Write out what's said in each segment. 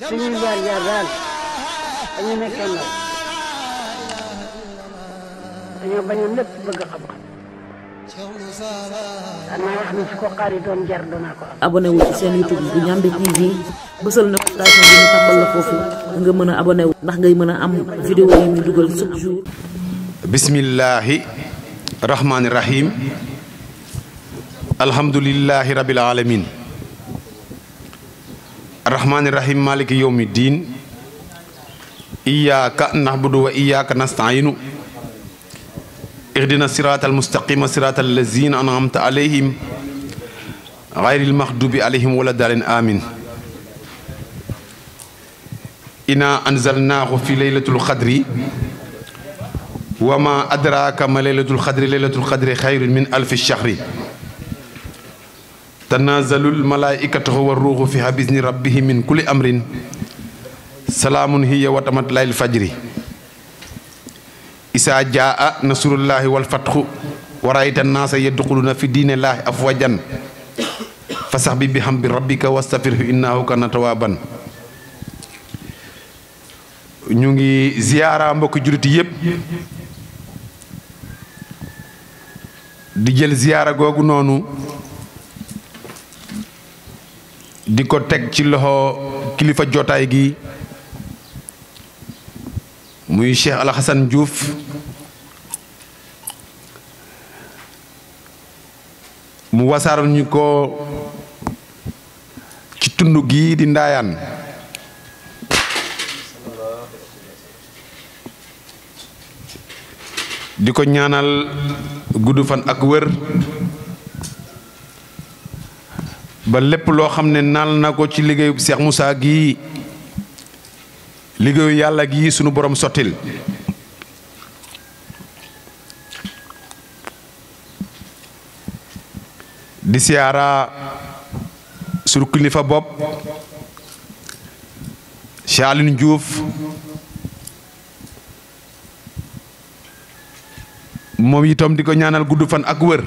Bismillahirrahmanirrahim. jaar bismillahi rahim alhamdulillahi rabbil alamin الرحمن الرحيم مالك يوم الدين إياك نعبد وإياك نستعين اهدنا الصراط المستقيم صراط الذين أنعمت عليهم غير المغضوب عليهم ولا الضالين آمين إنا أنزلناه في ليلة القدر وما أدراك ما ليلة القدر ليلة القدر خير من ألف الشهر tanaazalul malaaikatu wa ruuxu fiha bi izni rabbihi min kulli amrin salaamun hiya wa tamat layl fajri isaa jaa nasrullahi wal fatxu wa raayta naasa yadxuluuna fi diinillaahi afwajan fasax bi bi xam bi rabbika wastafirhu innahu kana tawaaban ñu ngi ziyaara mbokki jurit yépp di jël ziyaara googu noonu di ko teg ci loxo kilifa jotaay gi muy Cheikh Alxasan Diouf mu wasaar ñu ko ci tund gi di ndaayaan di ko ñaanal gudd fan ak wér ba lépp loo xam ne naal na ko ci liggéeyu seex Moussa gii liggéeyu yàlla gii sunu borom sottil di siyaara sunu kilifa bopp Cheikh Alioune Diouf moom itam di ko ñaanal gudd fan ak wër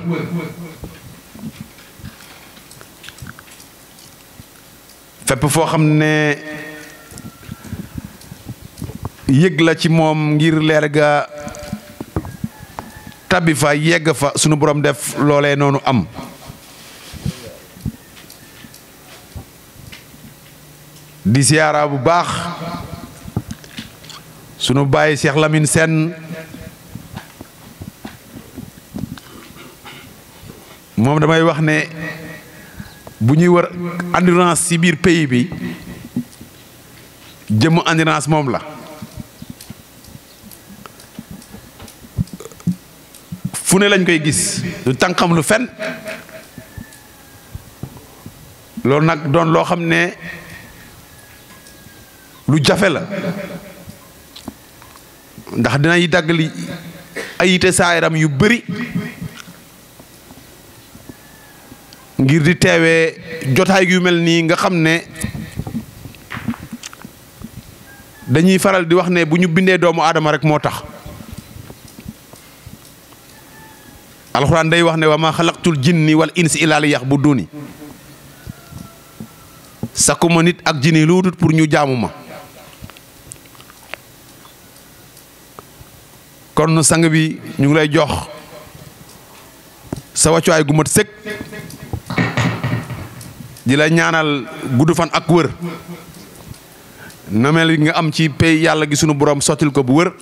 fépp foo xam ne yëg la ci moom ngir leer ga tabbi fa yegg fa sunu borom def loolee noonu am di siyaara bu baax sunu bàyyi Cheikh Lamine Sène moom damay wax ne bu ñuy war endurance ci biir pays bi jëmm endurance moom la fu ne lañ koy gis du tànqam lu fen loolu nag doon loo xam ne lu jafe la ndax dinay dagg li ay saayaram yu bari ngir di teewee jotaay yu mel nii nga xam ne dañuy faral di wax ne bu ñu bindee doomu aadama rek moo tax alxuraan day wax ne wa ma xalaqtul jinni wal ins illaa bu duni sakkuma nit ak jinni lu dul pour ñu jaamu ma kon sang bi ñu ngi lay jox sa wàccuwaay gu mat sëkk dila ñaanal guddu fan ak wër na mel nga am ci pay yalla gi sunu borom sotil ko bu wër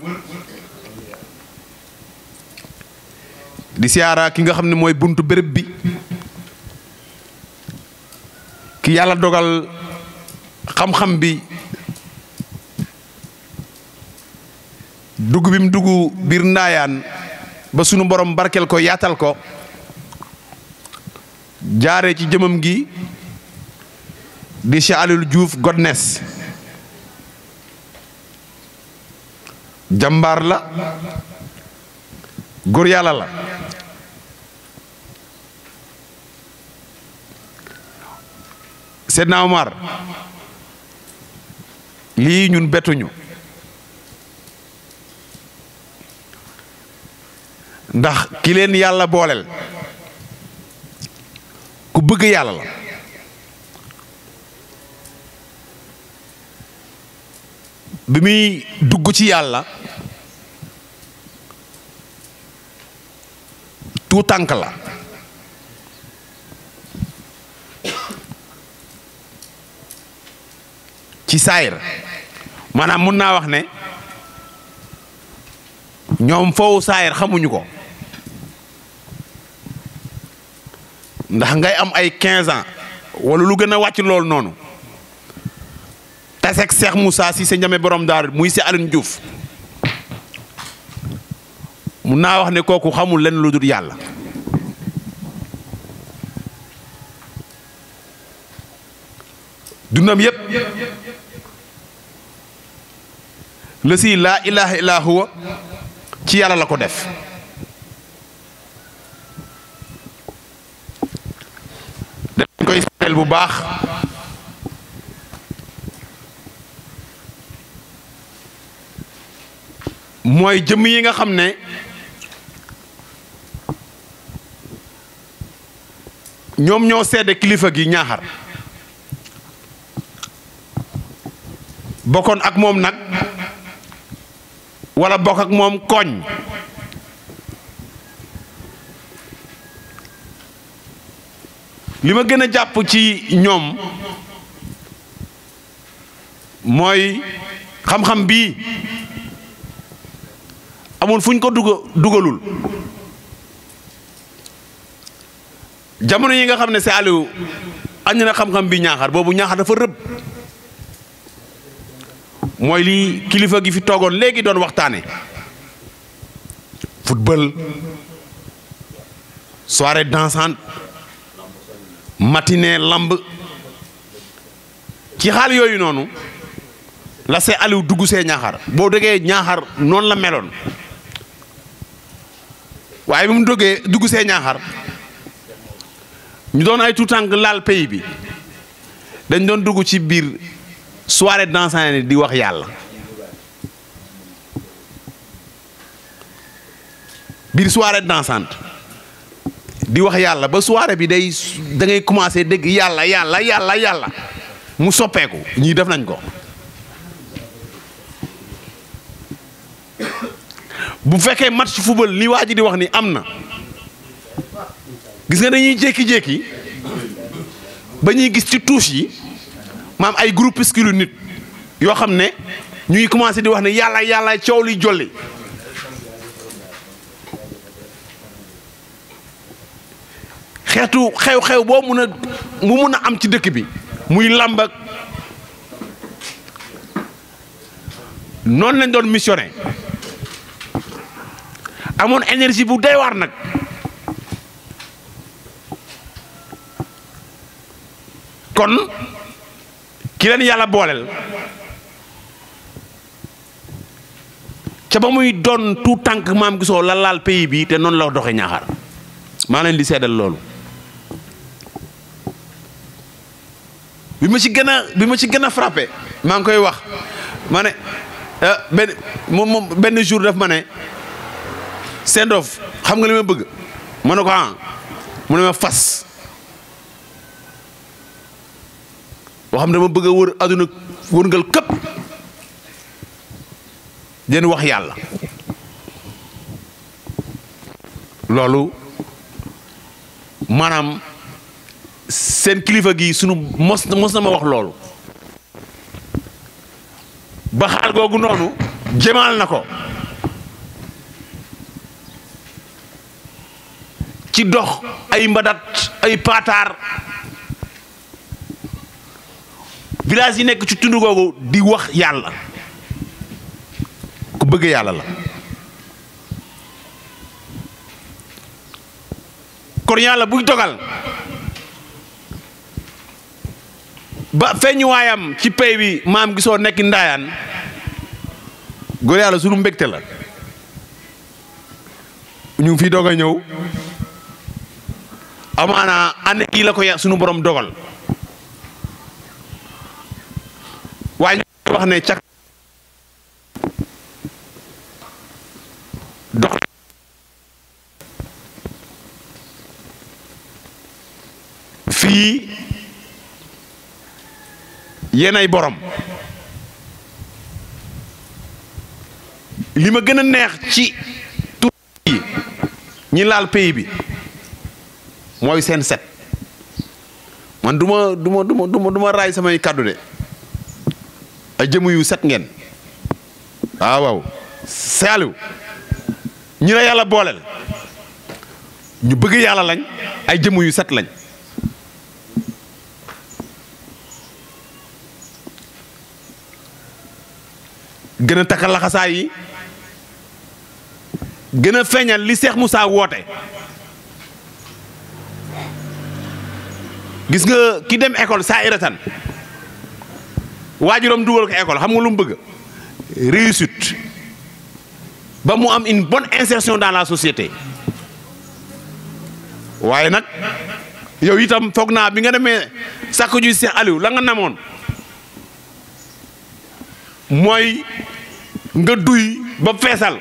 di siara ki nga xam moy buntu berbi, bi ki yalla dogal xam-xam bi dugg bim mu dugg biir ba suñu borom barkel ko yatal ko jaare ci jëmam gi di Cheikh Aliou Diouf Godnes jàmbaar la góor yàlla la Seydina Omar lii ñun bettuñu ndax ki leen yàlla booleel ku bëgg yàlla la bi muy dugg ci yàlla tout tànk la ci saayir maanaam mun naa wax ne ñoom foofu saayir xamuñu ko ndax ngay am ay quinze ans wala lu gën a wàcc loolu noonu taseeg Cheikh Moussa si se Ndiamé borom dar muy si Alioune Diouf mu na wax ne koku xamul len luddul yàlla dunam yeb le si la ilaha illa huwa ci yàlla lako def dañ koy sel bu bax mooy jëmm yi nga xam ne ñoom ñoo seede kilifa gi ñaaxar bokkoon ak moom nag wala bokk ak moom koñ li ma gën a jàpp ci ñoom mooy xam-xam bii amul fuñ ko duga dugalul jamono yi nga xamne ne Aliou añ na xam-xam bi ñaaxar bobu ñaaxar dafa reub moy li kilifa gi fi togon legi doon waxtane football soirée dansante matinée lamb ci xal yoyu nonu la sé Aliou dugg see ñaaxar bo déggee ñaaxar non la melone waaye bi mu dogee dugg see ñaaxar ñu doon ay tànk laal pays bi dañ doon dugg ci biir soirée dansant di wax yàlla biir soirée dansante di wax yàlla ba soirée bi day da ngay commencé dégg yàlla yàlla yàlla yàlla mu soppeeku ñii def nañ ko bu fekkee match football li waa ji di wax ni am na gis nga dañuy jékki-jékki ba ñuy gis ci touche yi maam ay groupuscule nit yoo xam ne ñuy ngi commencé di wax ne yàlla yàlla coow li jolli xeetu xew-xew boo mun a mu mun a am ci dëkk bi muy làmb noonu lañ doon missionné amoon énergie bu doy waar nag kon ki yàlla booleel ca ba muy doon tout tànk maam gisoo la laal pays bi te noonu la doxe ñaaxaar maa leen di seddal loolu bi ma ci gën a bi ma ci gën a frappé maa ngi koy wax ma ne eh, benn jour daf ma ne seen sendof xam nga li ma bëgg ma ne ko ah mu ne ma fas boo xam dama bëgg a wër àdduna wërngal këpp den wax yàlla loolu maanaam seen kilifa gi sunu mos na ma wax loolu ba xaal googu noonu jëmaal na ko ci dox ay mbadat ay paataar village yi nekk ci tund googu di wax yàlla ku bëgg yàlla la kon yàlla buy dogal ba feeñuwaayam ci pay maam gisoo nekk ndaayaan góor yàlla sunu mbégte la ñu fi fii doog ñëw amaana année yi la ko ya sunu borom dogal waaye ñu wax ne cak dox fii yéenay borom li ma gën a neex ci tur yi ñi laal pays bi mooy seen set man duma ma du ma du ma du raay samay kàddu de ay jëmm yu set ngeen ah, waaw waaw Saliou ñu la yàlla booleel ñu bëgg yàlla lañ ay jëmm yu set lañ gën a takka laxasaay yi gën a feeñal li Seex saa woote gis nga ki dem école saa iratan waajuram dugal ko école xam nga lu mu bëgg réussite ba mu am une bonne insertion dans la société waaye nag yow itam foog naa bi nga demee sàkku ji Cheikh Aliou la nga namoon mooy nga duy ba feesal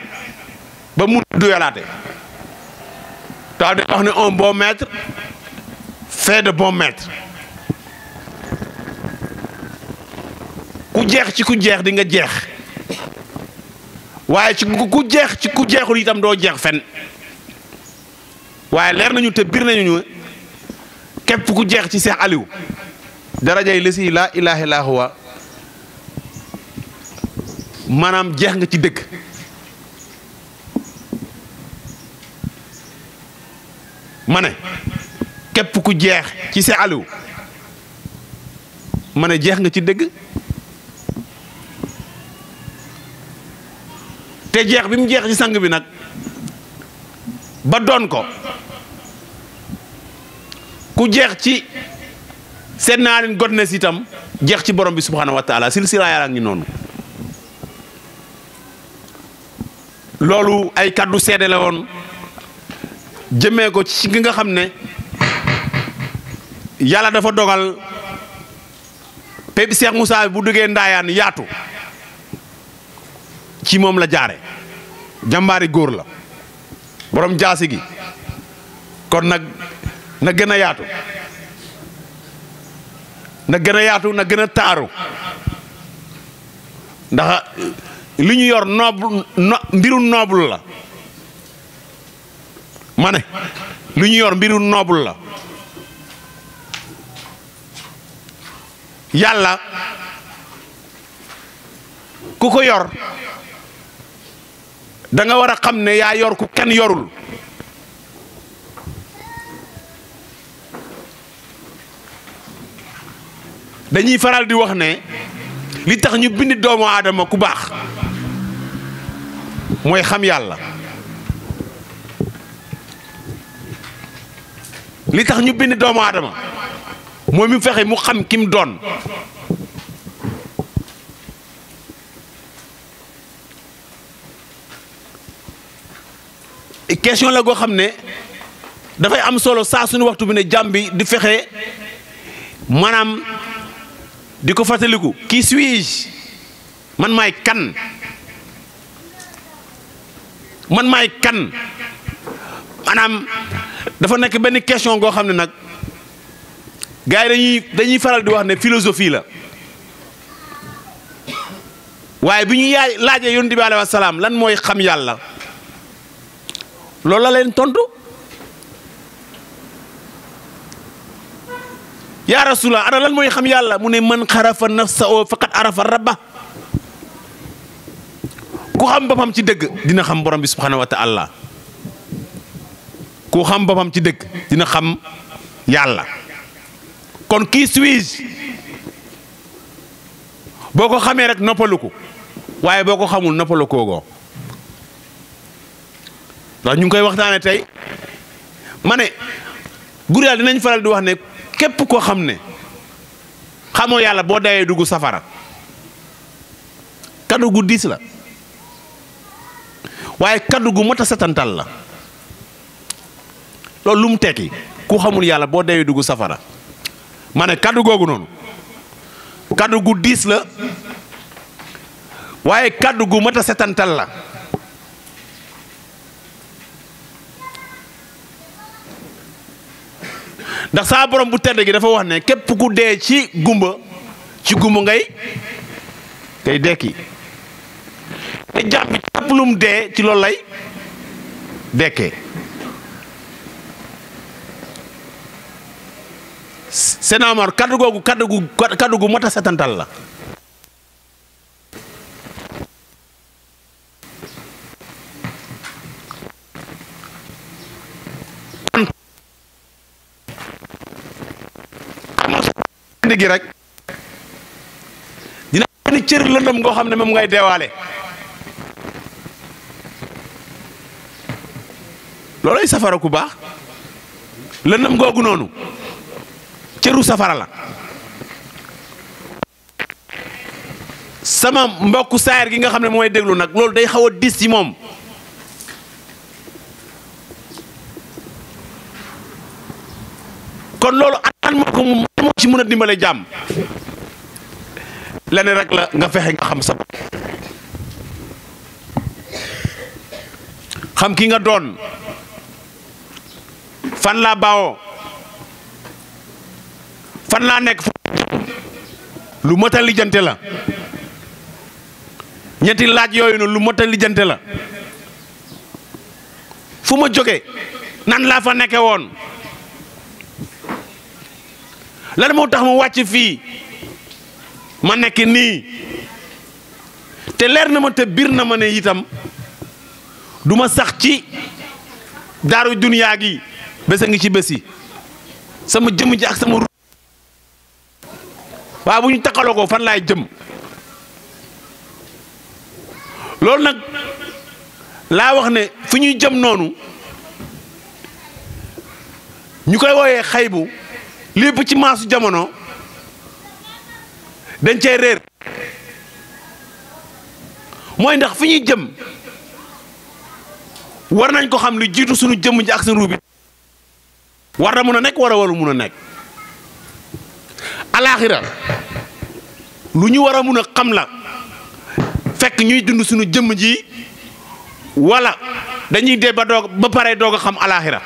ba mun duyalaate taw de wax ne un bon maître fait de bon maître ku jeex ci ku jeex di jeex waaye jeex ci ku jeexul itam doo jeex fen waaye leer nañu te biir nañu ñu képp ku jeex ci Seex aliw darajay la si laa ilaaha illaa huwa maanaam jeex nga ci dëkk ma képp ku jeex ci sa aliw mane jeex nga ci dëgg te jeex bi mu jeex ci sang bi nag ba doon ko ku jeex ci seen naa leen god nes itam jeex ci borom bi subhanahu wa taala silsila ngi noonu loolu ay kàddu seede la woon jëmee ko ci ki nga xam ne yàlla dafa dogal pep Cheikh Moussa bu duggee ndaayaan yaatu ci moom la jaare jàmbaari góor la borom jaasi gi kon nag na gën a yaatu na gën a yaatu na gën a taaru ndax lu ñu yor noob mbiru noobul la ma ne li ñu yor mbiru noobul la yàlla ku ko yor danga nga war a xam ne yaa yor ku kenn yorul dañuy faral di wax ne li tax ñu bind doomu aadama ku baax mooy xam yàlla li tax ñu bind doomu aadama mooy mu fexe mu xam kim mu doon question la goo xam ne dafay am solo saa suñu waxtu bi ne jàmbi bi di fexe maanaam di ko fàttaliku qui suis-je man maay kan man maay kan maanaam dafa nekk benn question goo xam ne nag gars yi dañuy faral di wax ne philosophie la waaye bi ñu yaay laajee yonent bi alayhi salaam lan mooy xam yàlla loolu la leen tontu yaa rasulallah ana lan mooy xam yàlla mu ne man xarafa nafsa oo faqat arafa rabba ku xam boppam ci dëgg dina xam borom bi subhanahu wa ta'ala ku xam boppam ci dëgg dina xam yàlla kon kii suis boo ko xamee rek noppaluku waaye boo ko xamul noppalu koogoo ndax ñu ngi koy waxtaane tey ma ne gur yàlla dinañ faral di wax ne képp koo xam ne xamoo yàlla boo dayee dugg safara kaddu gu diis la waaye kaddu gu mot a setantal la loolu lu mu ku xamul yàlla boo dayee dugg safara ma ne kaddu googu noonu kàddu gu diis la waaye kàddu gu mat a setantal la ndax saa borom bu tedd gi dafa wax ne képp gu dee ci gumba ci gumba ngay ngay dekki te jàpp ci dee ci loolu lay dekkee Seydina Omar kaddu googu kaddu gu kaddu gu mot a setantal la gi rek dina benn xam ne moom ngay deewaale loolay safara ku baax lëndëm googu noonu cëru safara la sama mbokk saayir gi nga xam ne mooy déglu nag loolu day xaw a dis ci moom kon loolu an moo ko moo ci mën a dimbale jàmm leneen rek la nga fexe nga xam sa xam ki nga doon fan laa baawoo fan laa nekk fu lu mot a lijjante la ñetti laaj yooyu noonu lu mat a lijjante la fu ma jóge nan laa fa nekke woon lan moo tax ma wàcc fii ma nekk nii te leer na ma te biir na ma ne itam duma sax ci daaru duniyaa gi bés a ngi ci yi sama jëmm ji ak sama waa bu ñu takkaloo ko fan laay jëm loolu nag laa wax ne fu ñuy jëm noonu ñu koy wooyee xaybu lépp ci maasu jamono dañ cay réer mooy ndax fu ñuy jëm war nañ ko xam lu jiitu suñu jëmm ji ak seen ruubi war na mun a nekk war a waru mun a nekk alaaxira lu ñu war a mën a xam la fekk ñuy dund suñu jëmm ji wala dañuy dee ba doog ba pare doog a xam alaaxira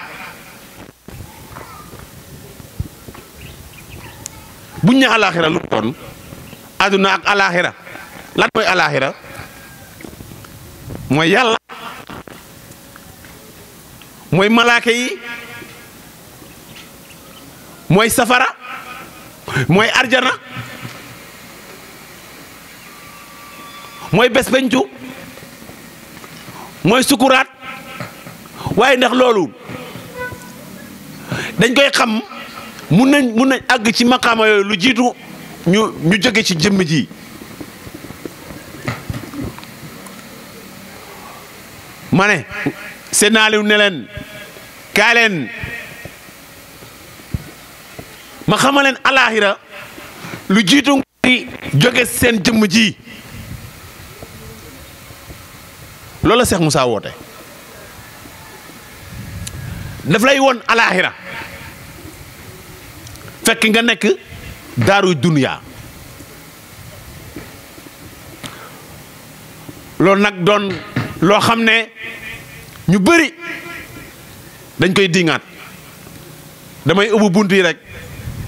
buñ ne alaaxira lu doon àdduna ak alaaxira lan mooy alaaxira mooy yàlla yi mooy safara mooy arjana mooy bés pencu mooy sukuraat waaye ndax loolu dañ koy xam mun nañ mun nañ àgg ci maqaama yooyu lu jiitu ñu ñu jóge ci jëmm ji ma ne neleen ne ma xamaleen alaaxira lu jiitu di jóge seen jëmm ji loola la Seex Musaa woote daf lay woon alaaxira fekk nga nekk daaruy duniyaa loolu nag doon loo xam ne ñu bëri dañ koy dingaat damay ubbi bunt yi rek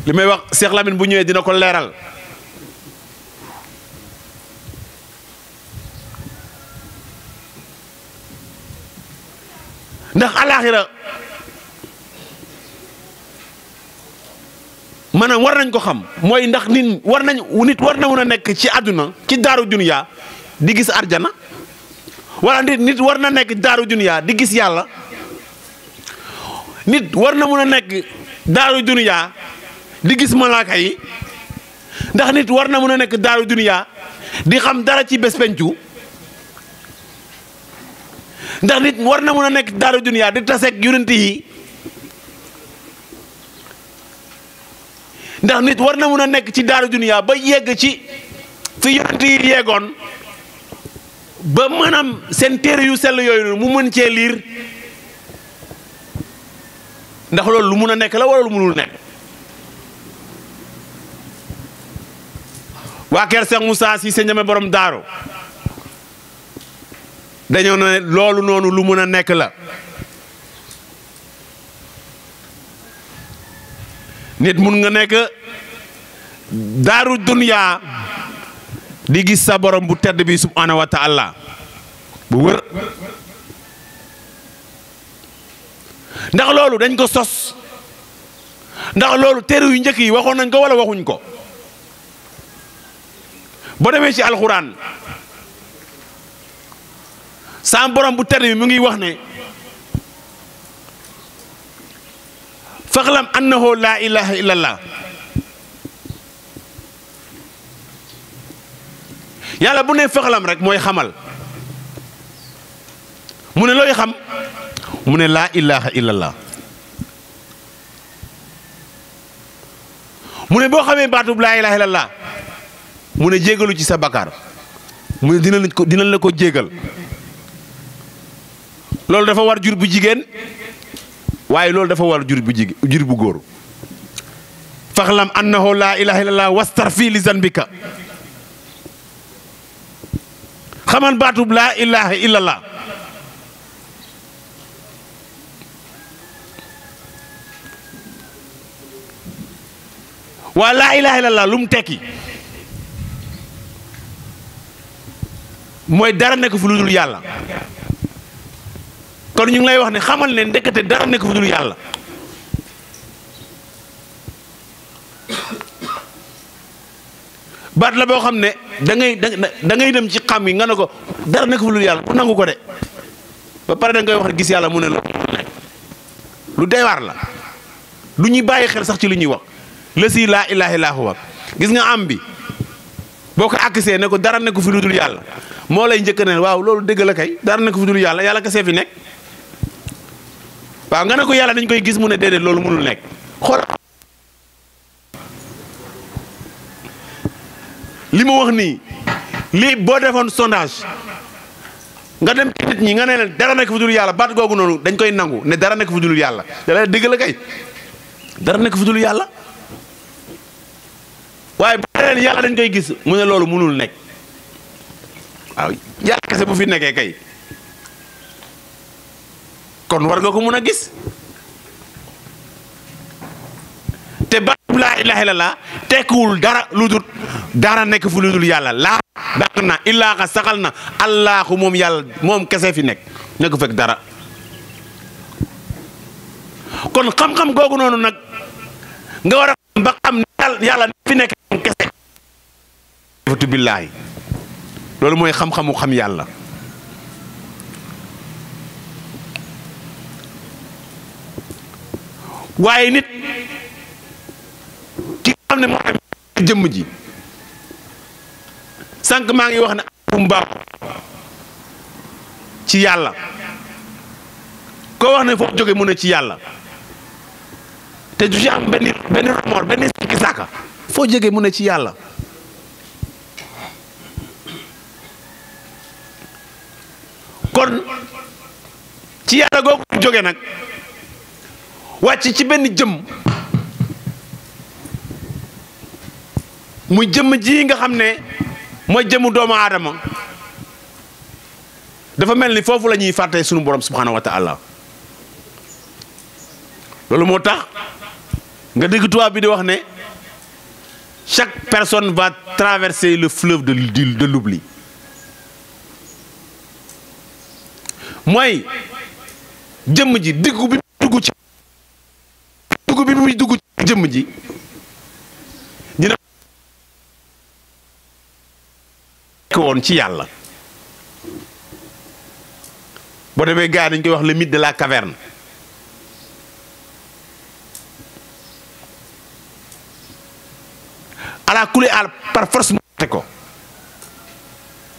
li may wax Cheikh bu ñëwee dina ko leeral ndax alaaxira maanaam war nañ ko xam mooy ndax nit war nañ nit war na mën a nekk ci àdduna ci daaru duniyaa di gis arjana wala nit nit war na nekk daaru duniyaa di gis yàlla nit war na mën a nekk daaru duniyaa di gis malaaka yi ndax nit war na mën a nekk daaru duniya di xam dara ci bés pencu ndax nit war na mën a nekk daaru duniya di taseeg yonent yi ndax nit war na mën a nekk ci daaru duniya ba yegg ci fi yonent yi yeggoon ba maanaam seen téere yu sell yooyu mu mën cee liir ndax loolu lu mun a nekk la wala lu munul nekk waa Kër Seex si Cissé ñame borom daaro dañoo ne loolu noonu lu mun a nekk la nit mun nga nekk daaru duniyaa di gis sa borom bu tedd bi subhaanahu wa taala ndax loolu dañ ko sos ndax loolu téere yu njëkk yi waxoon nañ ko wala waxuñ ko bo demé ci alxuraan sa borom bu ter mi ngi wax ne faqlam annahu la ilaha illa allah yàlla bu ne faqlam rek moy xamal mu ne loy xam mu ne la ilaha illa allah mu ne bo xame baatub la ilaha illa allah mu ne jégalu ci sa bakkar mu ne dina la ko dina la ko jéggal lolou dafa war jur bu jigen waye lolou dafa war jur bu jigéen jur bu gor faxlam annahu la ilaha illallah wastarfi li zanbika xaman batu la ilaha illallah wa la ilaha illallah lu mu tekki mooy dara nekk fi lu dul yàlla kon ñu ngi lay wax ne xamal ne ndekete dara nekk fi lu dul yàlla baat la boo xam ne da ngay da dem ci xam yi nga ne ko dara nekk fi lu dul yàlla bu nangu ko de ba pare da ngay wax gis yàlla mu ne la lu doy la lu ñuy bàyyi xel sax ci lu ñuy wax la si laa ilaaha illaa huwa gis nga am bi boo ko àkkisee ne ko dara nekk fi lu dul yàlla moo lay njëkk ne waaw loolu dëgg la kay dara nekk fu dul yàlla yàlla kese fi nekk waaw nga ne ko yàlla dañ koy gis mu ne déedéet loolu mënul nekk xool ma wax nii lii boo defoon sondage nga dem ci nga ne leen dara nekk fi yàlla baat googu noonu dañ koy nangu ne dara nekk fi yàlla dala dëgg la kay nekk fi waaye boo yàlla dañ koy gis mu ne loolu mënul nekk waaw yàlla kese bu fi nekkee kay kon war nga ko mun a gis te baatub laa ilaha illallah tekkiwul dara lu dul dara nekk fu lu dul yàlla laa dàq na illaa xa saxal na allaahu moom yàlla moom kese fi nekk ne ko fekk dara kon xam-xam googu noonu nag nga war a xam ba xam yàlla yàlla fi nekk moom kese loolu mooy xam-xamu xam yàlla waaye nit ki xam ne moo jëmm ji sànq maa ngi wax na ne mu baax ci yàlla koo wax na foo jóge mun ne ci yàlla te du ci am benn benn remor benn sàkka foo jóge mun ne ci yàlla kon ci yalla googu ñu jóge nag wàcc ci benn jëmm muy jëmm ji nga xam ne mooy jëmmu doomu adama dafa melni fofu lañuy faté suñu borom subhanahu wa ta'ala loolu motax nga dégg tubaab bi di wax ne chaque personne va traverser le fleuve de de l'oubli mooy jëmm ji diggu bi dugg ci diggu bi muy dugg ci jëmm ji dina ko woon ci yàlla boo demee gars dañ koy wax le de la caverne ala kule al par force mu ko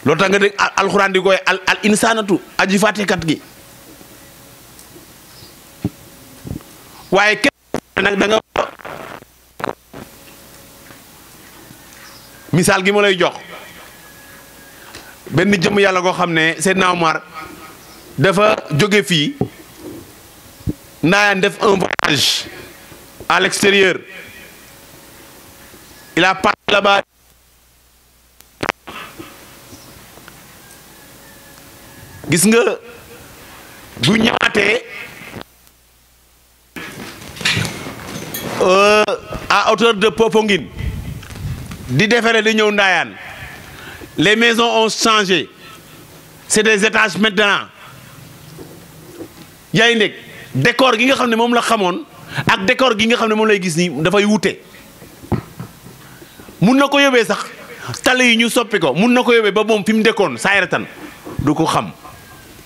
loolu tax nga dégg alxuraan di koy al al insaanatu aji fàttekat gi waaye kenn nag da gi ma lay jox benn jëmm yàlla koo xam ne Seydina Omar dafa jóge fii ndaayaan def un à l'extérieur il a parti gis nga bu euh à hauteur de Popenguine di defere di ñëw Ndayane les maisons ont changé c'est des étages maintenant yay nek décor gi nga xamné mom la xamone ak décor gi nga xamné mom lay gis nii dafay wute mun na ko yóbbee sax tali yi ñu soppi ko mën na ko ba moom fim dékon du ko xam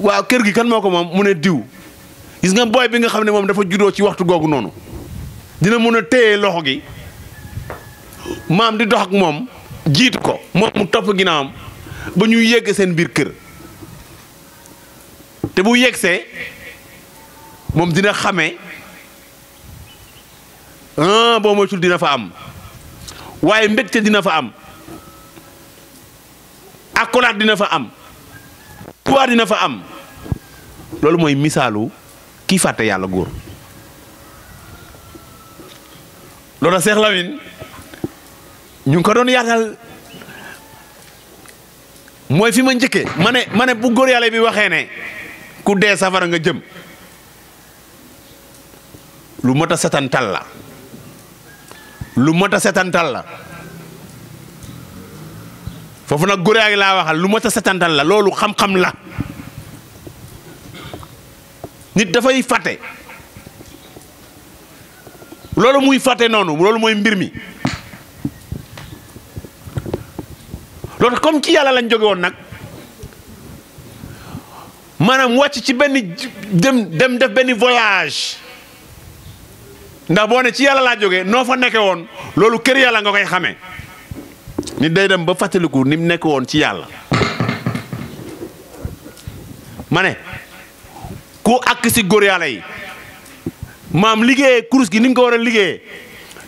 waaw kër gi kan moo ko moom mu ne diw gis nga booy bi nga xam ne moom dafa juddoo ci waxtu googu noonu dina mun a téye loxo gi maam di dox ak moom jiitu ko moom mu topp am ba ñuy yegg seen biir kër te bu yégsee moom dina xamee ah boo moytul dina fa am waaye mbégte dina fa am akolaat dina fa am pouvoir dina fa am loolu mooy misalu, kii fàtte yàlla góor loolu cheikh lamine ñu ko doon yaatal moy fi ma ñëkke mané mané bu gor yalla bi waxé né ku dé safara nga jëm lu mot setan tal la lu mot setan tal la foofu nag góor yaa ngi laa waxal lu mot a setantal la loolu xam-xam la nit dafay fàtte loolu muy fàtte noonu loolu mooy mbir mi loolu comme ci yàlla lañ jóge woon nag maanaam wàcc ci benn dem dem def benn voyage ndax boo ne ci yàlla laa jóge noo fa nekke woon loolu kër yàlla nga koy xamee nit day dem ba fàttaliku nim mu nekk woon ci yalla mané ko ak ci si yalla yi mam liggéeyee kurus gi nim ko wara a liggéeyee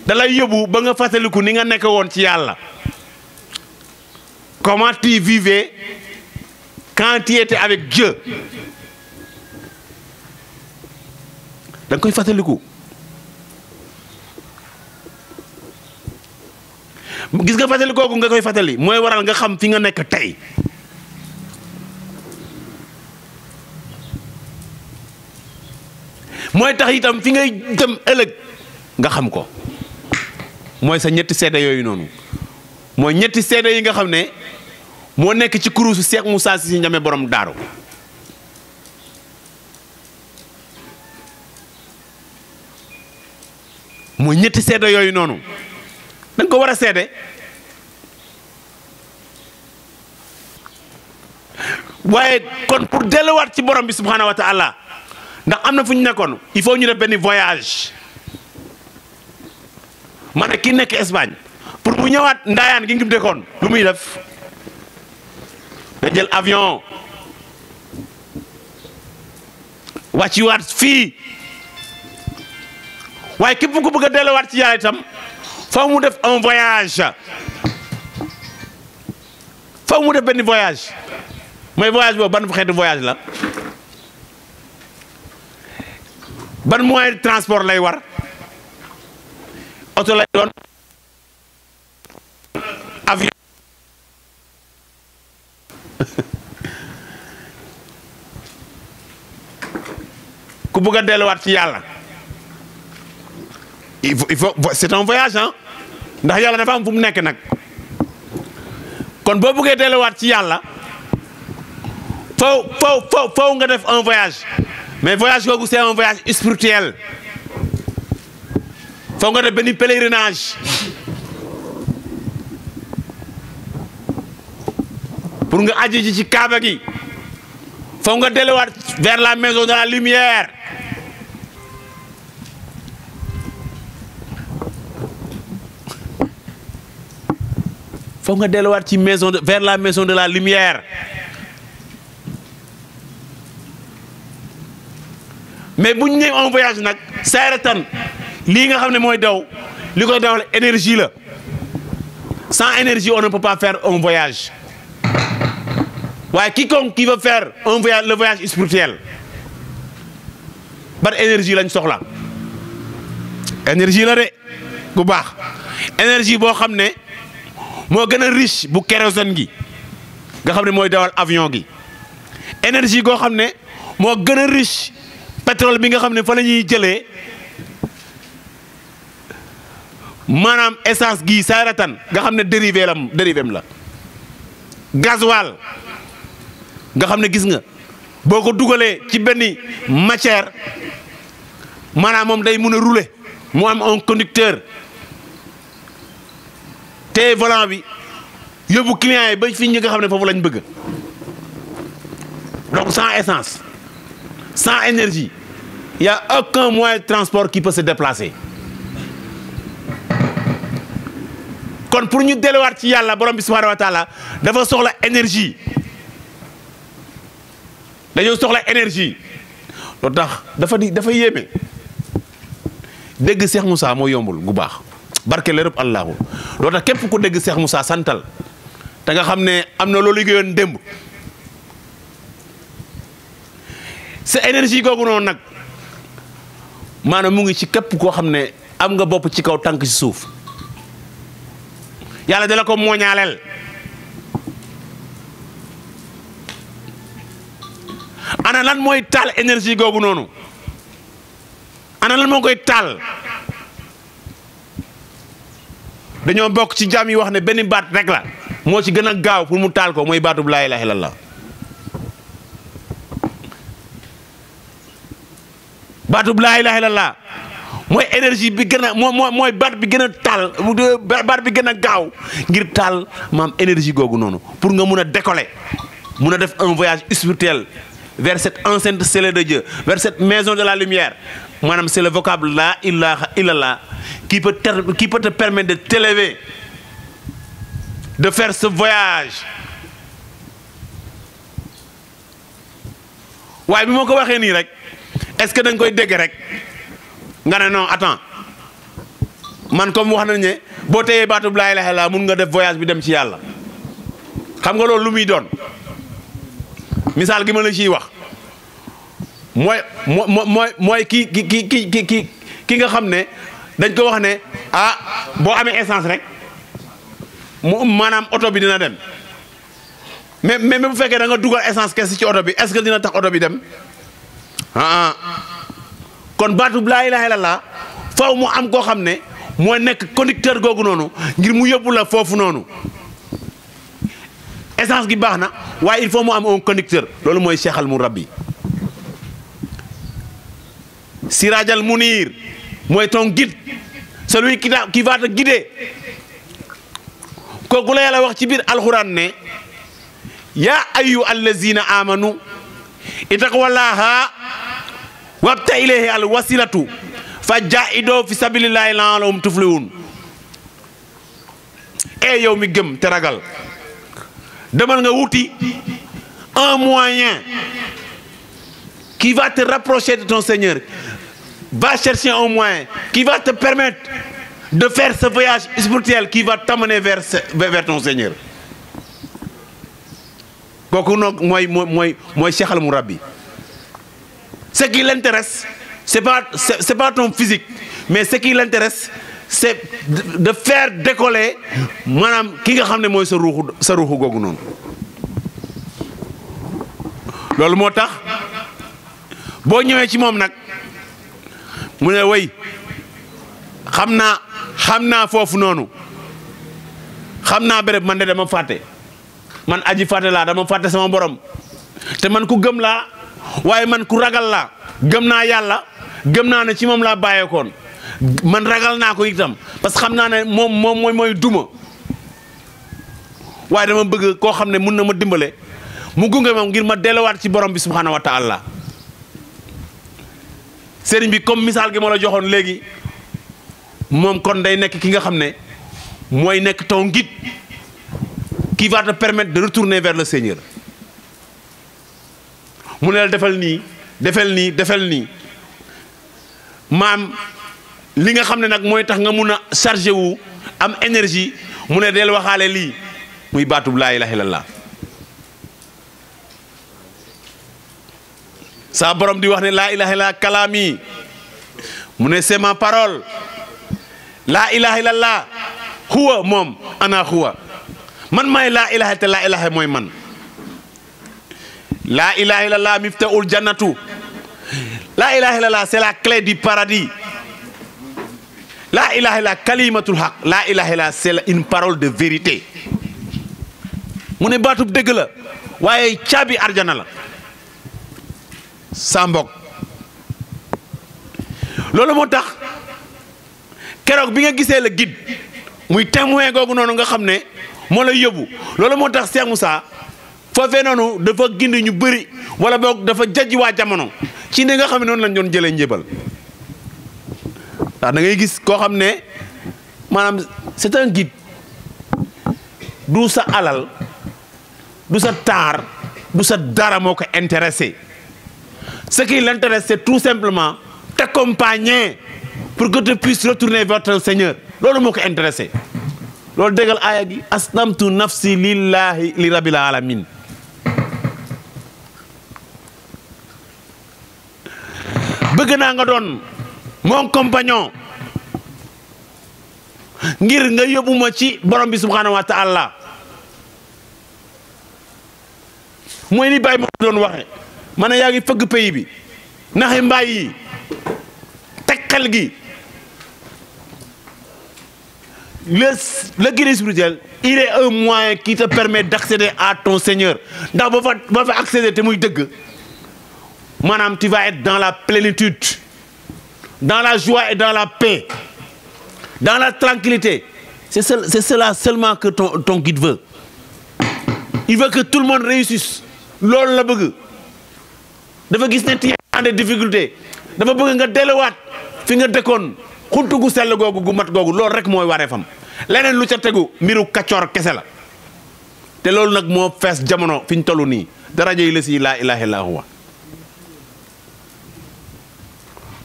dalay yebbu ba nga fàttaliku ni nga nekk won ci yalla comment tu vivais quand tu étais avec Dieu dang koy fàttaliku gis nga fàttali kooku nga koy fàttali mooy waral nga xam fi nga nekk tey mooy tax itam fi ngay dem ëllëg nga xam ko mooy sa ñetti seede yooyu noonu mooy ñetti seede yi nga xam ne moo nekk ci kuruusu Cheikh Moussa Cissé Ndiamé borom daaru mooy ñetti seede yooyu noonu dañ ko war a seede waaye kon pour delluwaat ci borom bi subhanahu wa taala ndax am na fu ñu nekkoon il faut ñu def benn voyage ma ne kii nekk Espagne pour bu ñëwaat ndaayaan gi ngi dëkkoon lu muy def da jël avion wàcciwaat fii waaye képp ku bëgg a delluwaat ci yàlla itam Faut mu def un voyage Faut mu def benn voyage Mais voyage boobu ban xeetu voyage la ban moyen de transport lay war Auto lay doon avion ku bëgg a delluwaat ci il faut il faut c'est un voyage hein ndax yalla dafa am fu mu nekk nag kon boo bëggee delluwaat ci yalla faw faw faw faw nga def un voyage mais voyage googu c'est un voyage spirituel faw nga def benn pèlerinage pour nga aji ji ci kaaba gi faw nga delluwaat vers la maison de la lumière Pour que ci maison vers la maison de la lumière mais si on en voyage nag saaratan Ce nga xam ne daw li sans énergie on ne peut pas faire un voyage Ouais, quiconque qui veut faire un voyage le voyage spirituel par énergie lañ là. énergie là c'est bon. énergie bon moo gën riche bu kérosène gi nga xamné moy dawal avion gi énergie go xamné mo moo riche pétrole bi nga xamné fa lañuy jëlé manam essence gi saaratan nga xamné dérivé lam dérivéem la gasoil nga xamné gis nga boko dougalé ci benn matière manam mom day mëna rouler mo am un conducteur te volant bi yóbbu client yi ba fi ñi nga xamné fofu lañ bëgg donc sans essence sans énergie il y a aucun moyen de transport qui peut se déplacer kon pour ñu delluwaat ci yalla borom bi subhanahu wa taala dafa soxla énergie dañu soxla énergie loolu tax dafa dafa yéeme dégg Cheikh Moussa mo yombul gu bax barke la rëbb allahu loo képp ku dégg Cheikh Moussa santal te nga xam ne am na loo liggéeyoon démb sa énergie googu noonu nag maanaam mu ngi ci képp koo xam ne am nga bopp ci kaw tànk ci suuf yàlla dala ko mooñaaleel ana lan mooy taal énergie googu noonu ana lan moo koy taal dañoo bokk ci jaam yi wax ne benn baat rek la moo ci gën a gaaw pour mu taal ko mooy baatub laa ilaaha illallah baatub laa mooy énergie bi gën a moo moo mooy baat bi gën a taal baat bi gën a gaaw ngir taal maam énergie googu noonu pour nga mun a décoller mun a def un voyage spirituel vers cette enceinte scellée de Dieu vers cette maison de la lumière maanaam c'est le vocable la ilaha illallah qui peut qui peut te permettre de t'élever de faire ce voyage waaye bi moo ko waxee nii rek est-ce que da nga koy dégg rek nga non attends man comme wax nañ ne boo téyee la laa ilaha illallah mun nga def voyage bi dem ci yàlla xam nga loolu lu muy doon misaal gi ma la wax mooy moo mooy mooy ki ki ki ki ki ki nga xam ne dañ ko wax ne ah boo amee essance rek mu maanaam oto bi dina dem mais mais bu fekkee da nga dugal essence kese ci oto bi est que dina tax oto bi dem ah, ah. kon baatub laay ilaaha illallaah faw mu am koo xam ne mooy nekk conducteur googu noonu ngir mu yóbbu la foofu noonu essance gi baax na waaye il faut mu am un conducteur loolu mooy Cheikh al Mourabbi Siraj al-Munir, moi ton guide, celui qui, qui va te guider. Quand la yàlla wax ci al alxuraan ne yaa ayu al-lazina amanu itaqwallaha wabta ilayhi al wasilatu fa fi sabilillahi laalahum tuflihun e eh, yo mi teragal. te ragal demal nga wuti un moyen qui va te rapprocher de ton Seigneur va chercher un moyen qui va te permettre de faire ce voyage spirituel qui va t'amener vers, vers ton Seigneur. Ce qui l'intéresse, ce n'est pas, ton physique, mais ce qui l'intéresse, c'est de faire décoller madame qui nga mu ne way xam naa xam naa foofu noonu xam naa béréb man de dama fàtte man aji fàtte laa dama fàtte sama borom te man ku gëm laa waaye man ku ragal laa gëm naa yàlla gëm naa ne ci moom laa bàyyeekoon man ragal naa ko itam parce que xam naa ne moom moom mooy mooy duma waaye dama bëgg koo xam ne mun na ma dimbale mu gunge ma ngir ma delluwaat ci borom bi subhanahu wa taala C'est bi comme misal gi mo la joxone legui mom kon day ki nga qui va te permettre de retourner vers le Seigneur mu ne la defal ni defal ni defal ni mam li nga nag tax nga mëna charger wu am énergie mu ne del waxale li muy tu la ilaha illallah sa borom di wax ne la ilaha illa kalami mu c'est ma parole la ilaha illa huwa mom ana huwa man may la ilaha illa a ilaha mooy man la ilaha illallah miftahul jannatu la ilaha illa c'est la clé du paradis la ilaha illa kalimatul haq la ilaha illa c'est une parole de vérité mu batou deug dëgg la waaye arjana la sa mbokk loolu moo tax keroog bi nga gisee la git muy témoin googu noonu nga xam ne moo lay yóbbu loolu moo tax Cheikh saa foofee noonu dafa gindi ñu bëri wala boog dafa jaj waa jamono ci ne nga xam ne noonu lañ doon jëlee njébal ndax da ngay gis koo xam ne maanaam c'est un du sa alal du sa taar du sa dara moo ko intéressé Ce qui l'intéresse, c'est tout simplement t'accompagner pour que tu puisses retourner vers ton Seigneur. ce moo ko intéressé loolu déggal aaya gi aslamtu nafsi lillahi li rabbil alamin bëgg naa nga mon compagnon ngir nga yobuma ci borom bi subhanahu wa taala moy ni bay moo doon waxe mané pays bi le le guide spirituel il est un moyen qui te permet d'accéder à ton Seigneur Dans votre fa accéder muy tu vas être dans la plénitude dans la joie et dans la paix dans la tranquillité c'est cela seulement que ton guide veut il veut que tout le monde réussisse lol la bëgg dafa gis ne tiyaande difficulté dafa bëgg nga delewaat fi nga dëkkoon xuntu gu sell googu gu mat googu loolu rek mooy waree fam leneen lu ca tegu mbiru kaccoor kese la te loolu nag moo fees jamono fi ñu tollu nii daraja yi la si laa ilaaha illa huwa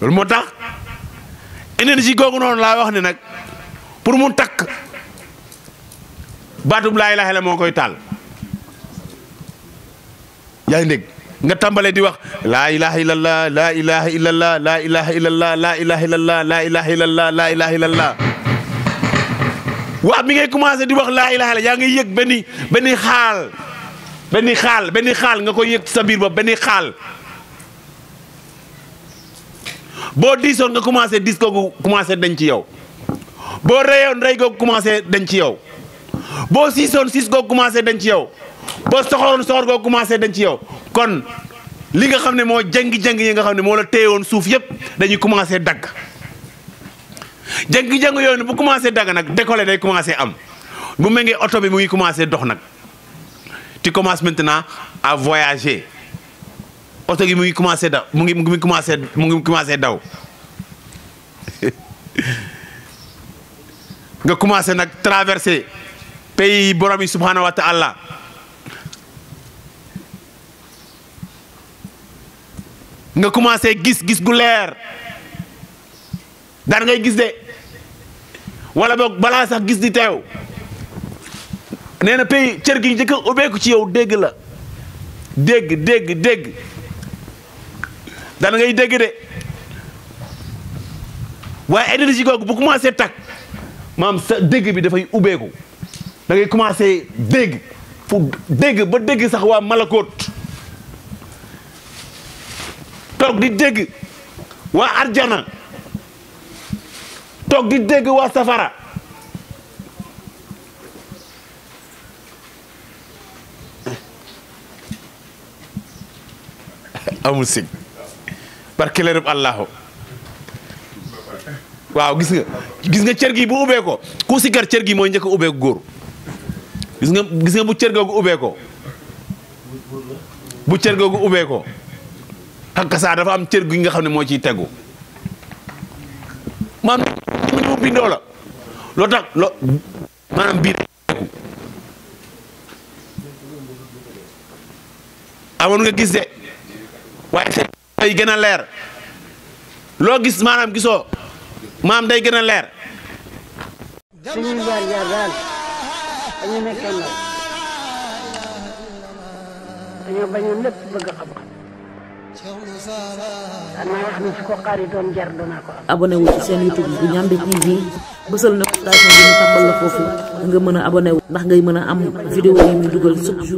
loolu moo tax énergie googu noonu laa wax ne nag pour mu takk baatub laa ilaaha moo koy taal yaa ngi dégg nga tàmbalee di wax laa ilaha illallah laa ilaha illallah laa ilaha illallah laa ilaha illallah laa ilaha illallah laa ilaha illallah waa mi ngay commencé di wax laa ilaha illallah yaa ngay yëg benn benn xaal benn xaal benn xaal nga koy yëg sa biir ba benn xaal boo diisoon nga commencé diis googu commencé dañ ci yow boo reyoon rey googu commencé dañ ci yow boo siisoon siis googu commencé dañ ci yow boo soxoroon soxor googu commencé dañ ci yow kon li nga xam ne moo jàng-jàng yi nga xam ne moo la téyewoon suuf yépp dañuy commencé dagg jàng-jàng yooyu bu commencé dagg nag décollé day commencé am bu méngee oto bi mu ngi commencé dox nag tu commences maintenant à voyager oto gi mu commencé daw mu ngi mu ngi commencé mu ngi commencé daw nga commencé nag traverser pays yi borom yi subhanahu wa ta'ala nga commencé gis gis gu leer daan ngay gis de walla boog balaa sax gis di teew nee na pay cër gi njëkk a ubbeeku ci yow dégg la dégg dégg dégg daan ngay dégg de waaye énergie googu bu commencé takk maam sa dégg bi dafay ubbeeku da ngay commencé dégg fu dégg ba dégg sax waa malakoot toog di dégg waa arjana toog di dégg waa safara amul sig barke leerub allahu waaw gis nga gis nga cër gi bu ubbee ko ku sikar cër gi mooy njëkk ubbee ko gis nga gis bu cër googu ubbee ko bu cër googu ubbee ko xakkasaa dafa am cër gi nga xam ne moo ci tegu maanaam ni mu bindoo la loo tax loo maanaam biir amoon nga gis de waaye seen day gën a leer loo gis maanaam gisoo maam day gën a leer suñuy daanaa wax ne fu ko xaari doon jar ko am. abonné seen YouTube bu Ndiamé TV bësal na station bi nga mën a abonné wu. ndax ngay mën a am vidéo yi ñu dugal chaque